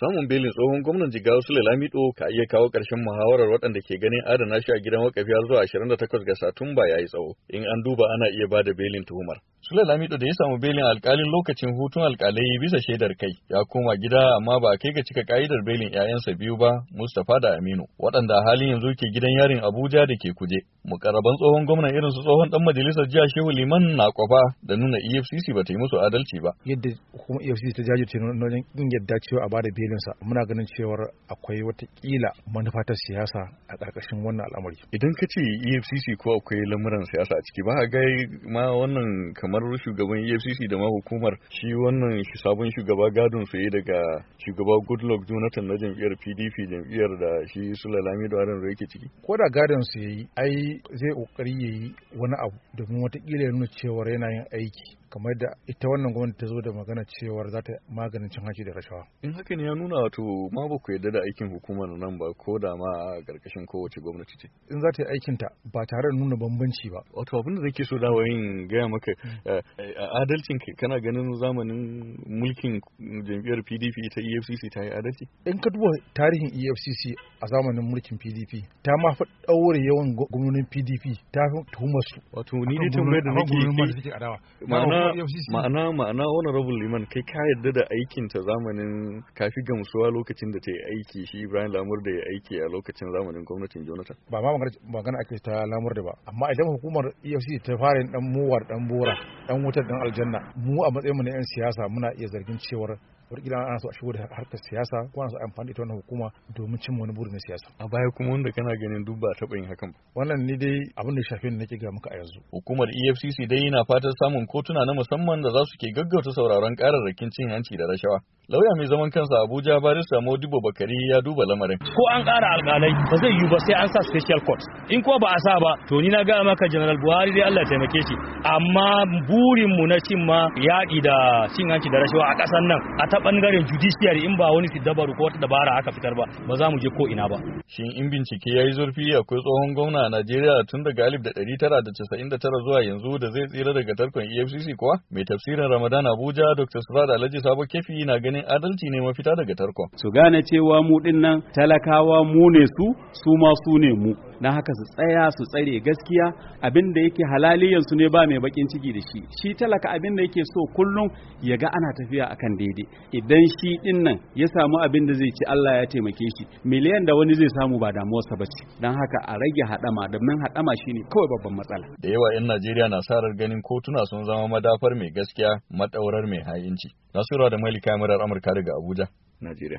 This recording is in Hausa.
Samun belin tsohon gwamnan Jigawa Sule Lamido ka iya kawo ƙarshen muhawarar waɗanda ke ganin adana shi a gidan wakafi har zuwa 28 ga Satumba ya yi tsawo, in an duba ana iya ba da belin tuhumar. Sule Lamido da ya samu belin alkalin lokacin hutun alkalai bisa shaidar kai ya koma gida amma ba a kai ga cika ka'idar belin 'ya'yansa biyu ba Mustapha da Aminu waɗanda a halin yanzu ke gidan yarin Abuja da ke kuje. Mukarraban tsohon gwamnan irin su tsohon dan majalisar jiya Shehu Liman na kwafa da nuna EFCC ba ta yi musu adalci ba. Yadda hukumar EFCC ta jajirce wajen in yadda cewa a da belinsa muna ganin cewar akwai watakila manufa ta siyasa a ƙarƙashin wannan al'amari. Idan ka ce EFCC ko akwai lamuran siyasa a ciki ba ga ma wannan kamar shugaban efcc da ma hukumar shi wannan sabon shugaba gadon su daga shugaba goodluck jonathan na jam'iyyar pdp jam'iyyar da shi sulalami da yake ciki ko da gadon su yayi ai zai kokari yayi wani abu domin wataƙila ya nuna cewa yana yin aiki kamar da ita wannan gwamnati ta zo da magana cewar za ta maganin cin hanci da rashawa. In ne ya nuna wato ma ba ku yarda da aikin hukumar nan ba ko da ma a ƙarƙashin kowace gwamnati ce. In za ta yi aikinta ba tare da nuna bambanci ba. Wato abin da zai so dawo yin gaya maka hmm. eh, eh, adalcin ka kana ganin zamanin mulkin jam'iyyar PDP ta EFCC ta yi adalci? In ka duba tarihin EFCC a zamanin mulkin PDP ta ma fa ɗaure yawan gwamnonin PDP ta tuhumar su. Wato ni dai tambayar da nake yi. Ma'ana ma'ana ma'ana honorable liman kai ka yadda da aikin ta zamanin kafi gamsuwa lokacin da ta yi aiki shi Ibrahim Lamur da ya aiki a lokacin zamanin gwamnatin Jonathan ba ma magana ake ta Lamur da ba amma idan hukumar EFCC ta fara dan muwar dan bora dan wutar dan aljanna mu a matsayin mu na yan siyasa muna iya zargin cewar wataƙila ana so a shigo da harkar siyasa ko ana so a amfani da ita wannan hukuma domin cin wani buri na siyasa a baya kuma wanda kana ganin duk a taɓa yin hakan ba wannan ni dai abin da shafi nake ga muka a yanzu hukumar EFCC dai yana fatan samun kotuna na musamman da za su ke gaggauta sauraron kararrakin cin hanci da rashawa lauya mai zaman kansa Abuja Barista Modibo Bakari ya duba lamarin ko an ƙara alƙalai ba zai yiwu ba sai an sa special court in kuma ba a sa ba to ni na ga maka General Buhari dai Allah taimake shi amma burin mu na cin ma yaƙi da cin hanci da rashawa a ƙasar nan a bangaren judiciary in ba wani dabaru ko wata dabara aka fitar ba ba za mu je ko ina ba shin in bincike ya yi zurfi akwai tsohon gwamna a Najeriya tun daga 1999 zuwa yanzu da zai tsira daga tarkon EFCC kuwa mai tafsirin Ramadan Abuja Dr. Surad Alhaji Sabo Kefi na ganin adalci ne mafita daga tarkon su gane cewa mu dinnan talakawa mu ne su su ma su ne mu don haka su tsaya su tsare gaskiya abin da yake halaliyansu ne ba mai bakin ciki da shi shi talaka abin da yake so kullum ya ga ana tafiya akan daidai idan shi din nan ya samu abin da zai ci Allah ya taimake shi miliyan da wani zai samu ba damuwarsa ba ce don haka a rage haɗama nan haɗama shine kawai babban matsala da yawa 'yan Najeriya na sarar ganin kotuna sun zama madafar mai gaskiya madaurar mai hayinci Nasura da Malika Murar Amurka daga Abuja Najeriya